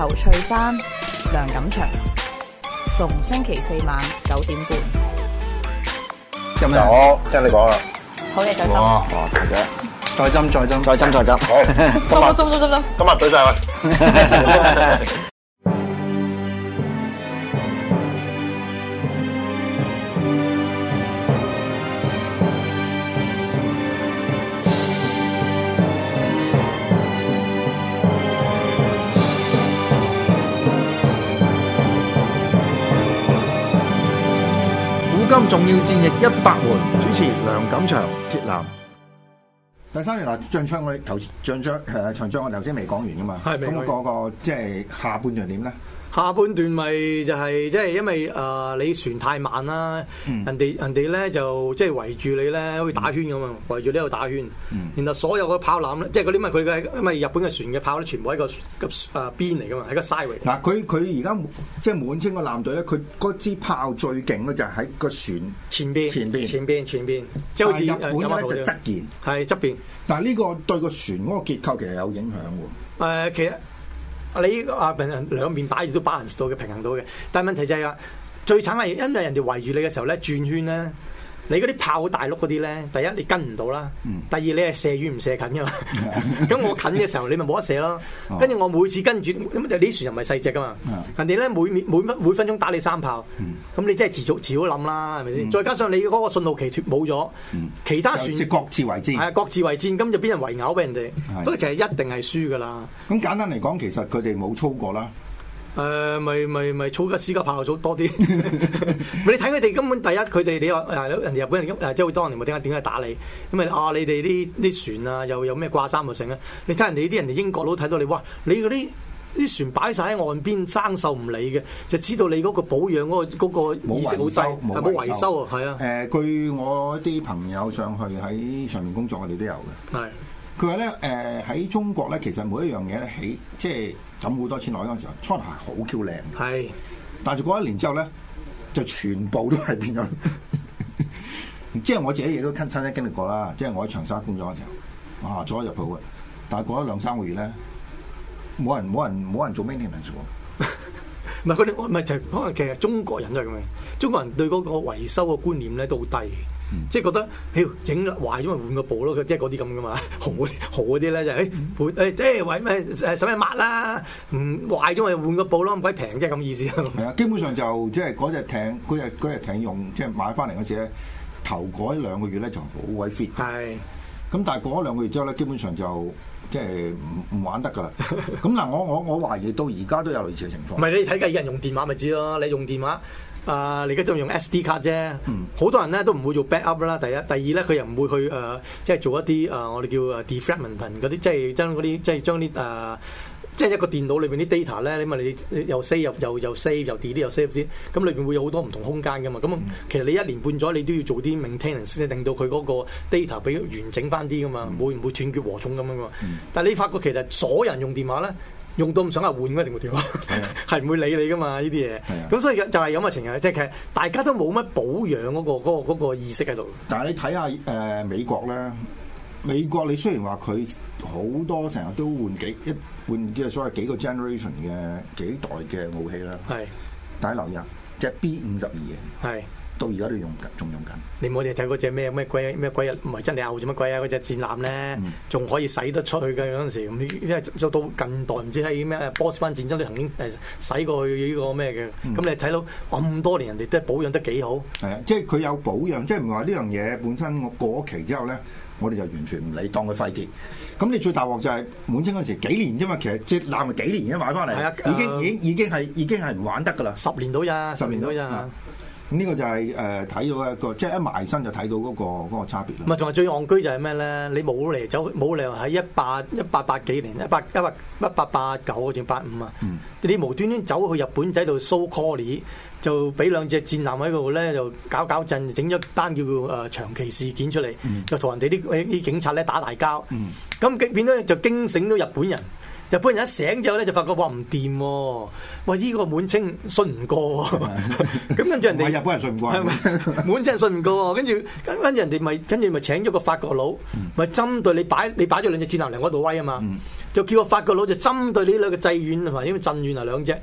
侯翠珊、梁錦祥，逢星期四晚九點半。咁樣，我聽你講啦。好嘢，再斟。哇，大姐，再斟，再斟，再斟，再斟。好，今日針，針，針，針。今日對晒佢。一百回主持梁錦祥鐵男，鐵第三輪嗱，進章、呃、我哋頭進章誒，長章我哋頭先未講完噶嘛，咁個個即係下半場點咧？下半段咪就係即係，因為啊，你船太慢啦、嗯，人哋人哋咧就即係圍住你咧，好似打圈咁啊，嗯、圍住你度打圈。嗯、然後所有嘅炮艦咧、就是呃，即係嗰啲咪佢嘅咪日本嘅船嘅炮咧，全部喺個個啊邊嚟噶嘛，喺個 side 位嗱，佢佢而家即係滿清嘅艦隊咧，佢嗰支炮最勁咧就喺個船前邊面面、前邊、前邊、前邊。但係日本咧就側邊，係側邊。但係呢個對個船嗰個結構其實有影響喎。誒、呃，其實。你依個啊，兩面擺住都 balance 到嘅，平衡到嘅。但問題就係話，最慘係因為人哋圍住你嘅時候咧，轉圈咧。你嗰啲炮大碌嗰啲咧，第一你跟唔到啦，第二你係射遠唔射近噶嘛，咁我近嘅時候你咪冇得射咯，跟住我每次跟住咁，你啲船又唔係細隻噶嘛，人哋咧每秒每分每分鐘打你三炮，咁你即係持續持續冧啦，係咪先？再加上你嗰個信號旗脱冇咗，其他船各自為戰，係各自為戰，咁就俾人圍毆俾人哋，所以其實一定係輸噶啦。咁簡單嚟講，其實佢哋冇操過啦。誒咪咪咪草嘅屎家炮組多啲， 你睇佢哋根本第一，佢哋你話人哋日本人咁，即係當年冇點解點解打你咁啊？你哋啲啲船啊，又有咩掛衫號成咧？你睇人哋啲人哋英國佬睇到你，哇！你嗰啲啲船擺晒喺岸邊，生銹唔理嘅，就知道你嗰個保養嗰、嗰個意識好低，冇維修，維修，維修啊，係啊！誒，據我啲朋友上去喺上面工作，我哋都有嘅，係。佢話咧，誒喺、呃、中國咧，其實每一樣嘢咧起，即係抌好多錢落去嗰時候，初頭係好 Q 靚嘅，是但係就過一年之後咧，就全部都係變咗。 即係我自己嘢都親身咧經歷過啦，即係我喺長沙工作嘅時候，哇、啊，咗入鋪嘅，但係過咗兩三個月咧，冇人冇人冇人，人做 maintenance 唔係嗰啲，唔係就可能其實中國人都係咁嘅，中國人對嗰個維修嘅觀念咧都好低。即係覺得，妖，整壞咗咪換個布咯，即係嗰啲咁嘅嘛，好好啲咧就誒換，即係為咩使乜抹啦？唔、哎欸、壞咗咪換個布咯，唔鬼平，即係咁意思。係啊，基本上就即係嗰隻艇，嗰隻嗰隻艇用即係買翻嚟嗰時咧，頭嗰兩個月咧就好鬼 fit 的。係，咁但係過咗兩個月之後咧，基本上就。即係唔唔玩得㗎喇，咁嗱，我我我懷疑到而家都有類似嘅情況。唔係 你睇緊有人用電話咪知咯，你用電話啊，你而家仲用 SD 卡啫。好多人咧都唔會做 back up 啦，第一，第二咧佢又唔會去誒、呃，即係做一啲誒、呃、我哋叫 defragment 嗰啲，即係將啲即係將啲誒。呃即係一個電腦裏邊啲 data 咧，你問你又 save 又又 save 又 delete 又 save 先，咁裏邊會有好多唔同空間噶嘛。咁其實你一年半載你都要做啲 maintenance 先，令到佢嗰個 data 比完整翻啲噶嘛。會唔會斷絕和重咁樣㗎？但係你發覺其實左人用電話咧，用到唔想換 啊換，一定會掉，係唔會理你㗎嘛？呢啲嘢。咁、啊、所以就係咁嘅情況，即係大家都冇乜保養嗰、那個嗰、那個那個、意識喺度。但係你睇下誒、呃、美國咧。美國你雖然話佢好多成日都換幾一換即所謂幾個 generation 嘅幾代嘅武器啦，係是，但係留意即係 B 五十二，係是到而家都用緊，仲用緊。你冇哋睇嗰隻咩咩鬼咩鬼呀唔係真係舊做乜鬼啊？嗰隻戰艦咧，仲、嗯、可以使得出去嘅嗰陣時，因為做到近代唔知喺咩波斯灣戰爭都曾經誒使過去呢個咩嘅，咁、嗯、你睇到咁多年人哋都保養得幾好，係啊，即係佢有保養，即係唔係話呢樣嘢本身我過期之後咧？我哋就完全唔理，當佢廢鐵。咁你最大鑊就係滿清嗰時幾年啫嘛，其實即係攬埋幾年啫買翻嚟，已經已經已經係已經係唔玩得噶啦，十年到咋，十年到咋。呢個就係誒睇到一個，即係一埋身就睇到嗰個嗰個差別啦。唔係，仲係最戇居就係咩咧？你冇嚟走，冇嚟喺一八一八八幾年，一八一八一八八九定八五啊？嗯、你無端端走去日本仔度 show call 就俾兩隻戰艦喺度咧，就搞搞震，整咗單叫做誒長崎事件出嚟，就同人哋啲啲警察咧打大交。咁極變咧就驚醒咗日本人。日本人一醒之後咧，就發覺話唔掂喎，哇依個滿清信唔過喎、啊，咁 跟住人哋，日本人信唔過、啊係咪，滿清信唔過、啊 跟，跟住跟跟住人哋咪跟住咪請咗個法國佬，咪針對你擺你擺咗兩隻戰艦嚟我度威啊嘛，嗯、就叫個法國佬就針對呢兩個濟遠同埋呢個鎮遠啊兩隻。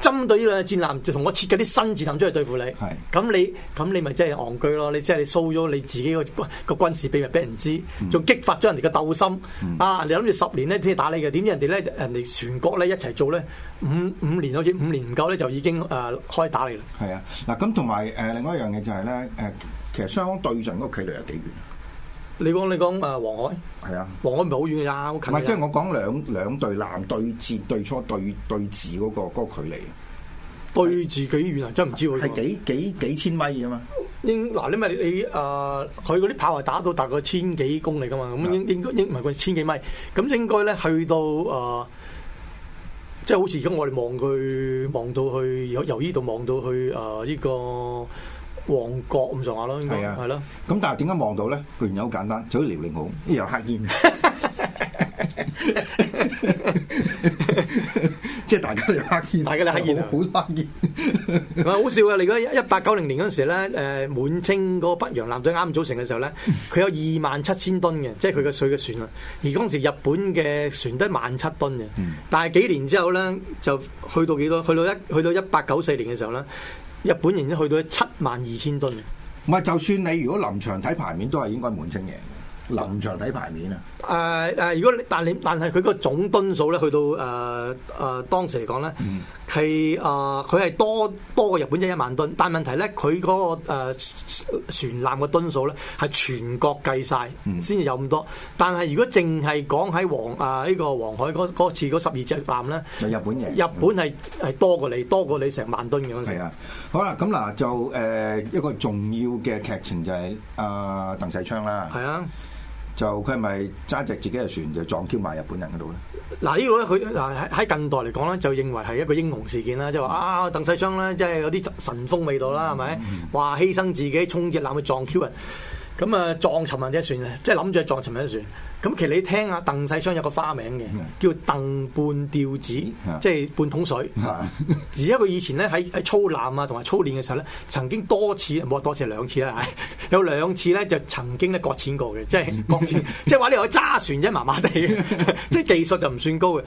針對呢兩隻戰艦，就同我設計啲新戰艦出嚟對付你。係咁的你咁你咪真係戇居咯！你即係你 show 咗你自己個個軍事秘密俾人知，仲激發咗人哋嘅鬥心。嗯、啊！你諗住十年咧先打你嘅，點知人哋咧人哋全國咧一齊做咧，五五年好似五年唔夠咧就已經誒開、呃、打你啦。係啊！嗱咁同埋誒另外一樣嘢就係咧誒，其實雙方對陣嗰距離有幾遠？你講你講誒黃海，係啊，黃海唔係好遠嘅，咋？好近是。唔係即係我講兩兩隊艦對接、對錯、對初對峙嗰、那個那個距離。對住幾遠啊？是真係唔知喎、這個。係幾幾幾千米啊嘛？應嗱你咪、啊、你誒，佢嗰啲炮係打到大概千幾公里㗎嘛？咁應應該、啊、應唔係個千幾米？咁應該咧去到誒，即、啊、係、就是、好似而家我哋望佢望到去由呢度望到去誒呢個。旺角咁上下咯，係啊，係咯。咁但係點解望到咧？原因好簡單，就好似遼寧號又黑煙，即係大家又黑煙，大家又黑煙啊，好黑煙，咪好笑噶？你嗰一八九零年嗰陣時咧，誒，滿清嗰個北洋艦隊啱組成嘅時候咧，佢有二萬七千噸嘅，即係佢嘅水嘅船啦。而嗰陣時日本嘅船都係萬七噸嘅，但係幾年之後咧，就去到幾多？去到一去到一八九四年嘅時候咧。日本人已經去到七萬二千噸，唔係就算你如果臨場睇牌面都係應該滿清嘅。臨場睇牌面啊！誒誒，如果但你但係佢個總噸數咧，去到誒誒、呃呃、當時嚟講咧，係誒佢係多多過日本一萬噸，但問題咧，佢嗰個船艦個噸數咧係全國計晒，先至、嗯、有咁多。但係如果淨係講喺黃啊呢、呃呢個黃海嗰次嗰十二隻艦咧，就日本嘢，日本係係多過你多過你成萬噸嘅嗰陣時係啊，好啦，咁、嗯、嗱就誒、呃、一個重要嘅劇情就係、是、阿、呃、鄧世昌啦。係啊。啊 就佢係咪揸隻自己嘅船就撞 Q 埋日本人嗰度咧？嗱呢、啊呢個咧佢嗱喺近代嚟講咧就認為係一個英雄事件啦，即係話啊鄧世昌咧即係有啲神風味道啦，係咪、嗯？話犧牲自己衝隻艦去撞 Q 人。咁啊撞沉人哋隻船啊，即係諗住撞沉人哋隻船。咁其實你聽下鄧世昌有個花名嘅，叫鄧半吊子， 即係半桶水。而家佢以前咧喺喺操艦啊，同埋操練嘅時候咧，曾經多次冇話多次係兩次啦， 有兩次咧就曾經咧擱淺過嘅，即係擱淺，即係話你又揸船啫，麻麻地，即係技術就唔算高嘅。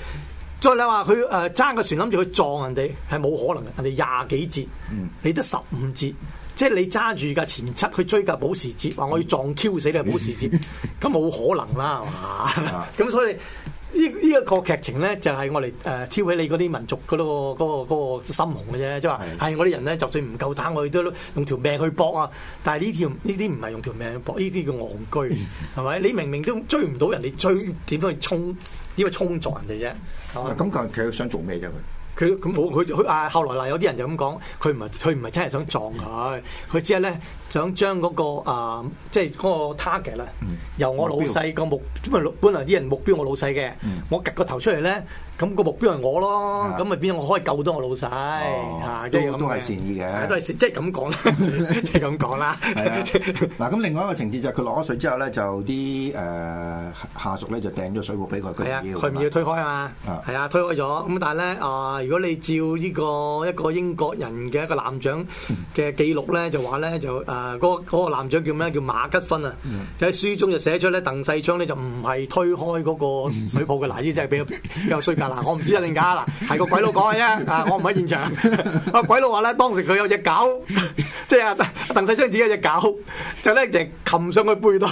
再你話佢誒揸個船，諗住去撞人哋，係冇可能嘅。人哋廿幾節，你得十五節。即係你揸住架錢七去追架保時捷，話我要撞 Q 死你保時捷，咁冇 可能啦，係嘛？咁所以個劇情呢呢個個劇情咧，就係我哋誒挑起你嗰啲民族嗰個嗰個嗰個心紅嘅啫，即係話係我啲人咧，就，是、的就算唔夠膽，我哋都用條命去搏啊！但係呢條呢啲唔係用條命去搏，呢啲叫戇居，係咪？你明明都追唔到人，你追點去衝？點去衝撞人哋啫？咁佢佢想做咩啫？佢？佢咁冇佢佢啊！後來嗱，有啲人就咁講，佢唔係佢唔係真係想撞佢，佢只係咧想將嗰、那個啊、呃，即係嗰 target 啦、嗯。由我老細個目，目標本來啲人目標我老細嘅，嗯、我擱個頭出嚟咧，咁個目標係我咯，咁咪、啊、變咗我可以救到我老細。哦，呢、啊、都係善意嘅，都係即係咁講啦，即係咁講啦。嗱， 咁、啊、另外一個情節就係佢落咗水之後咧，就啲誒下屬咧就掟咗水壺俾佢。係啊，佢唔要推開啊嘛。係啊，推開咗。咁但係咧啊～、呃如果你照呢個一個英國人嘅一個艦長嘅記錄咧，就話咧就誒嗰嗰個艦長叫咩？叫馬吉芬啊！嗯、就喺書中就寫出咧，鄧世昌咧就唔係推開嗰個水泡嘅嗱，呢啲真係比較比較衰格嗱，我唔知真定假啦，係個鬼佬講嘅啫，我唔喺現場。個、啊、鬼佬話咧，當時佢有隻狗，即係鄧世昌自己有一隻狗，就咧、是、就擒上去背度，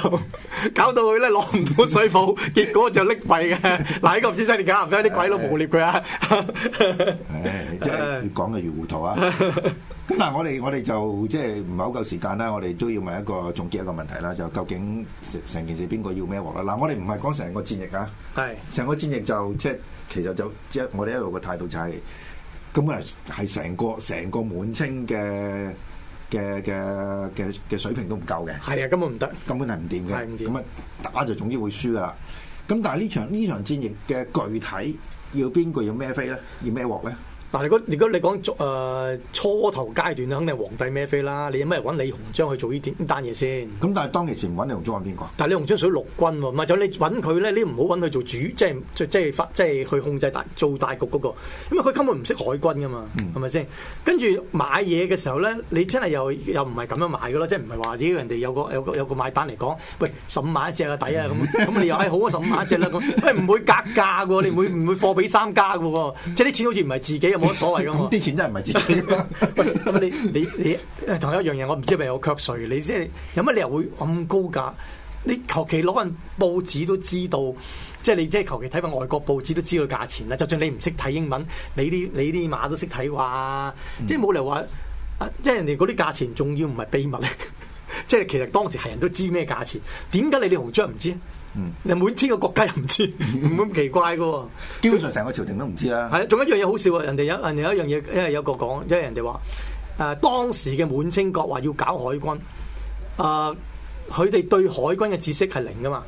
搞到佢咧攞唔到水泡，結果就溺斃嘅嗱，呢個唔知真定假，俾啲鬼佬無聊佢啊！ 誒，即係越講就越糊塗啊！咁嗱，我哋我哋就即係唔係好夠時間啦，我哋都要問一個總結一個問題啦，就究竟成成件事邊個要孭鑊啦？嗱，我哋唔係講成個戰役啊，係成個戰役就即係其實就即係我哋一路嘅態度就係根本係係成個成個滿清嘅嘅嘅嘅嘅水平都唔夠嘅，係啊，根本唔得，根本係唔掂嘅，係唔掂，咁啊打就總之會輸噶啦。咁但係呢場呢場戰役嘅具體。要邊個？要咩飛咧？要咩鑊咧？但如果如果你講誒、呃、初頭階段肯定皇帝孭飛啦。你有乜嚟揾李鴻章去做呢啲單嘢先？咁但係當其時唔揾李鴻章揾邊個？但係李鴻章屬於陸軍喎，唔係就你揾佢咧？你唔好揾佢做主，即係即係即係去控制大做大局嗰、那個，因為佢根本唔識海軍噶嘛，係咪先？跟住買嘢嘅時候咧，你真係又又唔係咁樣買噶咯？即係唔係話啲人哋有個有個有個買單嚟講，喂十五萬一隻嘅、啊、底啊咁咁，你又係好啊十五萬一隻啦咁，唔、欸、會格價嘅喎，你唔會唔 會貨比三家嘅喎，即係啲錢好似唔係自己。冇乜所謂噶嘛，啲錢真係唔係自己。 咁你你你同一樣嘢，我唔知係咪有確稅。你即係有乜理由會咁高價？你求其攞份報紙都知道，即係你即係求其睇份外國報紙都知道價錢啦。就算你唔識睇英文，你啲你啲碼都識睇哇！即係冇理由話，即係人哋嗰啲價錢仲要唔係秘密咧。 即係其實當時係人都知咩價錢，點解你李鴻章唔知？你人、嗯、滿清嘅國家又唔知，咁 奇怪嘅喎、哦。基本上成個朝廷都唔知啦。係啊，仲有一樣嘢好笑啊！人哋有，人哋有一樣嘢，因為有個講，因為人哋話，誒、呃、當時嘅滿清國話要搞海軍，誒佢哋對海軍嘅知識係零噶嘛。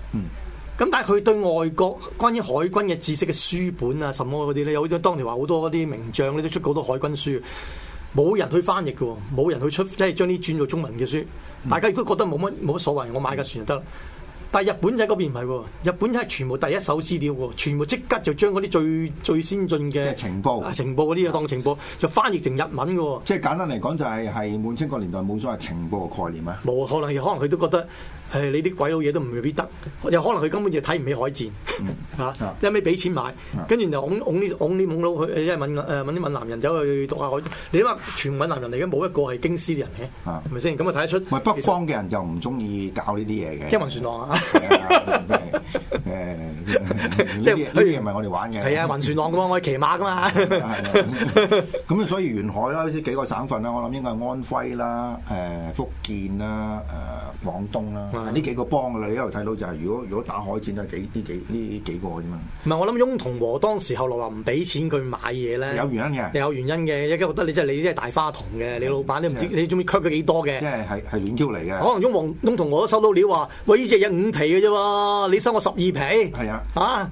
咁、嗯、但係佢對外國關於海軍嘅知識嘅書本啊，什麼嗰啲咧，有好多當年話好多嗰啲名將咧，都出好多海軍書，冇人去翻譯嘅喎、哦，冇人去出即係將啲轉做中文嘅書。嗯、大家亦都覺得冇乜冇乜所謂，我買架船就得啦。但係日本仔嗰邊唔係喎，日本仔係全部第一手資料喎、哦，全部即刻就將嗰啲最最先進嘅情報，啊、情報嗰啲啊當情報，就翻譯成日文嘅喎、哦。即係簡單嚟講、就是，就係係滿清個年代冇所謂情報概念啊！冇、哦、可能可能佢都覺得。誒、哎、你啲鬼佬嘢都唔未必得，有可能佢根本就睇唔起海戰嚇，一味俾錢買，跟住、嗯、就拱呢拱呢啲懵佬去，即係問誒問啲閩南人走去讀下海戰，你諗下全閩南人嚟嘅，冇一個係京師嘅人嘅，係咪先？咁啊睇得出。唔係北方嘅人就唔中意搞呢啲嘢嘅。即係暈船浪啊！ 誒，即係呢啲唔係我哋玩嘅。係 啊，暈船浪咁啊，我係騎馬噶嘛。咁 所以沿海啦，啲幾個省份啦，我諗應該係安徽啦、誒福建啦、誒廣東啦，呢的幾個幫噶啦。你一路睇到就係、是，如果如果打海戰都係、就是、幾呢幾呢幾個啫嘛。唔係，我諗翁同和當時後來話唔俾錢佢買嘢咧，有原因嘅。有原因嘅，一間覺得你即係你呢隻大花筒嘅，的你老闆你唔知你鍾意 cut 佢幾多嘅。即係係係亂 Q 嚟嘅。就是、是可能翁黃翁同和，同和都收到料話：喂，呢隻嘢五皮嘅啫喎，你收我十二。係啊，啊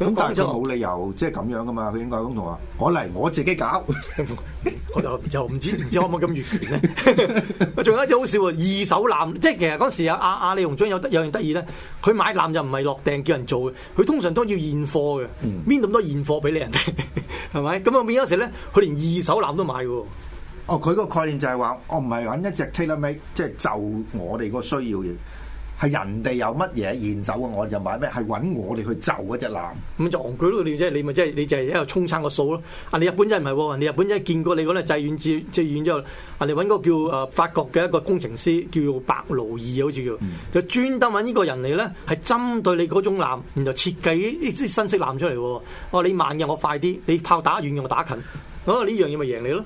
咁但係佢冇理由即係咁樣噶嘛，佢應該咁同話，我嚟，我自己搞， 又又唔知唔知可唔可以咁越權咧？仲 有一啲好笑，二手艦即係其實嗰時阿阿阿李鴻章有有樣得意咧，佢買艦又唔係落訂，叫人做嘅，佢通常都要現貨嘅，邊咁、嗯、多現貨俾你人哋係咪？咁 啊變咗有時咧，佢連二手艦都買嘅。哦，佢個概念就係話，我唔係搵一隻 tailor-made，即係就我哋個需要嘅。係人哋有乜嘢現手啊？我就買咩？係揾我哋去就嗰隻艦，咁、嗯、就戇居咯你啫，你咪即係你就係一度衝撐個數咯。啊，你日本真唔係喎，人哋日本真見過你講咧製遠戰製遠之後，人哋揾個叫誒法國嘅一個工程師叫白勞爾好似叫，就專登揾呢個人嚟咧，係針對你嗰種艦，然後設計即係新式艦出嚟喎。哦、嗯，你慢嘅我快啲，你炮打遠用我打近，嗰個呢樣嘢咪贏你咯。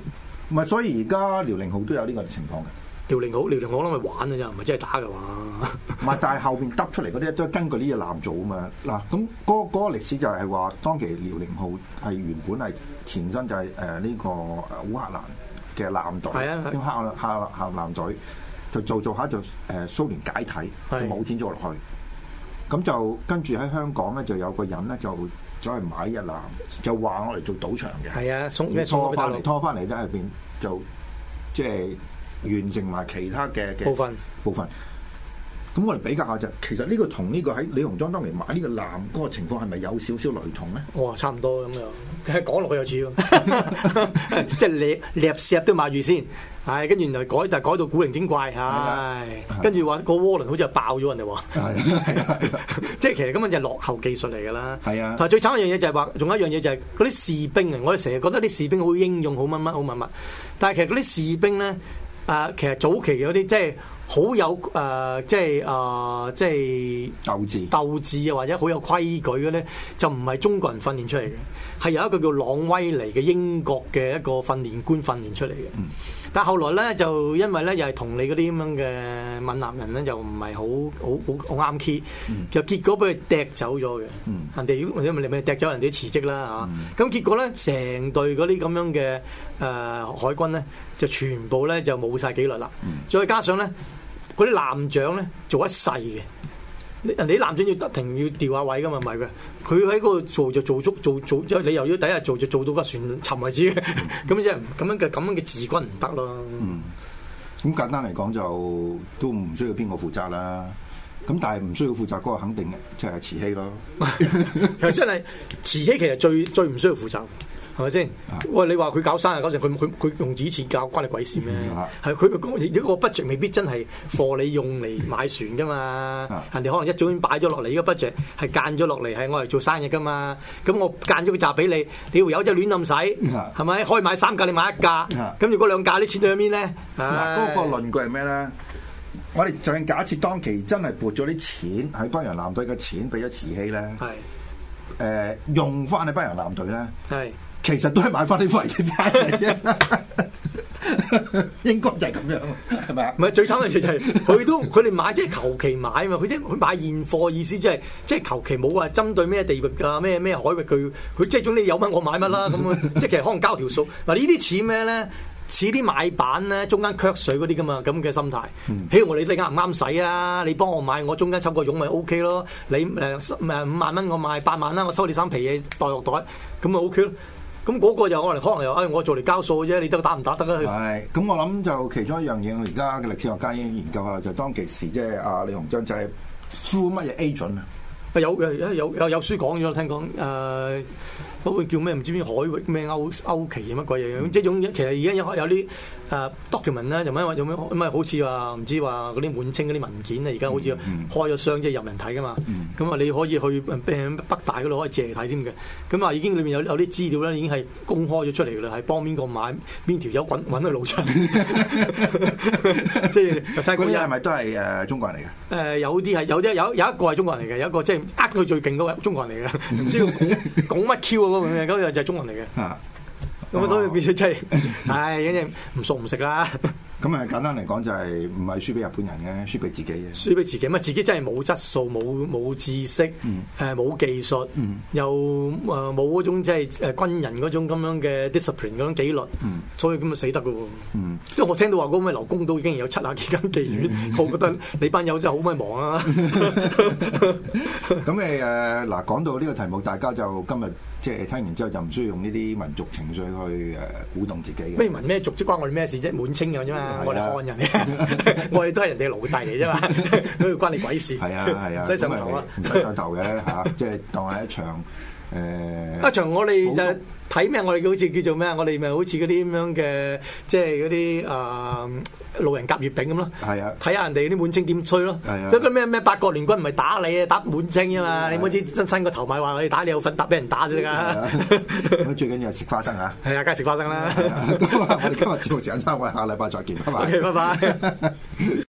唔係，所以而家遼寧號都有呢個情況嘅。遼寧號，遼寧號，我諗玩嘅啫，唔係真係打嘅嘛。唔係，但係後邊得出嚟嗰啲都係根據呢隻艦做啊嘛。嗱，咁嗰嗰個歷史就係話，當期遼寧號係原本係前身就係誒呢個烏克蘭嘅艦隊，啲的黑黑黑，黑艦隊就做做下就誒蘇聯解體，就冇錢做落去。咁是的 就跟住喺香港咧就有個人咧就走去買一艦，就話我嚟做賭場嘅。係啊，送咩貨？拖翻嚟，拖翻嚟都係變就即係。完成埋其他嘅嘅部分部分咁，我哋比較下就其實呢個同呢個喺李鴻章當年買呢個藍嗰個情況係咪有少少雷同咧？哇、哦，差唔多咁樣講落去又似喎，即係摣摣錫都買住先，係跟住原來改，但係改到古靈精怪，係跟住話個渦輪好似又爆咗，人哋話即係其實根本就係落後技術嚟噶啦。係啊，但係最慘一樣嘢就係話仲有一樣嘢就係嗰啲士兵啊，我哋成日覺得啲士兵好英勇，好乜乜，好乜乜，但係其實嗰啲士兵咧。誒，其實早期嗰啲即係好有誒，即係誒，即係鬥志、鬥志啊，或者好有規矩嘅咧，就唔係中國人訓練出嚟嘅，係由一個叫朗威尼嘅英國嘅一個訓練官訓練出嚟嘅。嗯。但後來咧，就因為咧，又係同你嗰啲咁樣嘅閩南人咧，就唔係好好好好啱 key，就結果俾佢踢走咗嘅。Mm. 人哋因為你咪踢走人哋辭職啦嚇。咁、mm. 啊、結果咧，成隊嗰啲咁樣嘅誒、呃、海軍咧，就全部咧就冇晒紀律啦。Mm. 再加上咧，嗰啲艦長咧做一世嘅。你哋男仔要得停要調下位噶嘛，唔係嘅，佢喺嗰度做就做足做做，因你又要第一做就做到架船沉為止嘅，咁即係咁樣嘅咁樣嘅治軍唔得咯。嗯，咁簡單嚟講就都唔需要邊個負責啦。咁但係唔需要負責嗰個肯定嘅，就係慈禧咯。 其實真係慈禧其實最最唔需要負責。係咪先？喂，你話佢搞生意，嗰陣佢佢佢用錢搞關你鬼事咩？係佢一個 budget 未必真係貨你用嚟買船噶嘛？嗯、人哋可能一早已經擺咗落嚟，呢、這個 budget 係間咗落嚟，係我嚟做生意噶嘛？咁我間咗扎俾你，你又有一隻亂咁使，係咪、嗯？可以買三架，你買一架，咁、嗯嗯、如果兩架啲錢對喺邊咧？嗰、嗯、是個論據係咩咧？我哋就算假設當期真係撥咗啲錢喺北洋艦隊嘅錢俾咗慈禧咧，係誒用翻喺北洋艦隊咧，係是。其實都係買翻啲廢紙翻嚟啫， 應該就係咁樣，係咪唔係最慘嘅就係、是、佢都佢哋買即係求其買啊嘛，佢即係買現貨意思即係即係求其冇話針對咩地域噶咩咩海域佢佢即係總之有乜我買乜啦，咁即係其實可能交條數嗱，呢啲似咩咧？似啲買板咧，中間缺水嗰啲噶嘛，咁嘅心態。譬如我哋你啱唔啱使啊？你幫我買，我中間抽個佣咪 O K 咯。你誒誒五萬蚊我買八萬啦，我收你三皮嘢袋落袋，咁咪 O K 咯。咁嗰個又我哋可能又，哎，我做嚟交數啫，你得打唔打，打得啊？係，咁我諗就其中一樣嘢，我而家嘅歷史學家已經研究喇就是、當其時，即係阿李鴻章就係 through 乜嘢 agent 啊？有有有有有書講咗，呃，聽講誒嗰個叫咩，唔知邊海域咩歐歐旗乜鬼嘢，即係其實而家有有啲誒 document 咧，又咪又咪好似話唔知話嗰啲滿清嗰啲文件咧，而家好似開咗箱，即係入人睇噶嘛？咁啊你可以去北大嗰度可以借睇添嘅。咁啊已經裏面有有啲資料咧，已經係公開咗出嚟㗎啦，係幫邊個買邊條友揾揾個路出嚟。即係嗰啲係咪都係誒中國人嚟嘅？誒、呃、有啲係有啲有有一個係中國人嚟嘅，有一個即係。呃佢最勁嗰個中國人嚟嘅，唔知講講乜 Q 啊嗰，那個，嗰個就係中國人嚟嘅。咁所以變咗真係，係嗰啲唔熟唔食啦。咁啊簡單嚟講就係唔係輸俾日本人嘅，輸俾自己嘅。輸俾自己咪自己真係冇質素，冇冇知識，誒冇技術，又誒冇嗰種即係誒軍人嗰種咁樣嘅 discipline 嗰種紀律。所以咁就死得嘅喎。即係我聽到話嗰咩劉公島已經有七廿幾間妓院，我覺得你班友真係好鬼忙啊！咁誒誒嗱，講到呢個題目，大家就今日。即係聽完之後就唔需要用呢啲民族情緒去誒鼓動自己嘅。咩民咩族即係關我哋咩事啫？滿清咁啫嘛，係啊 我哋漢人嘅， 我哋都係人哋奴隸嚟啫嘛，都要關你鬼事。係啊係啊，唔使上頭啊，唔使上頭嘅嚇，即係、 啊就係、當係一場。誒，阿祥，欸啊，我哋就睇咩？我哋好似叫做咩？我哋咪好似嗰啲咁樣嘅，即係嗰啲啊路人甲月餅咁咯。係啊，睇下人哋啲滿清點吹咯。係啊，即係咩咩八國聯軍唔係打你打滿啊，打滿清啫嘛。你好知真伸個頭咪話你打你有份搭俾人打啫㗎，啊。咁，啊，最緊要係食花生吓。係啊，梗係食花生啦。啊啊，我哋今日節目時間差，我哋下禮拜再見，拜拜。拜拜。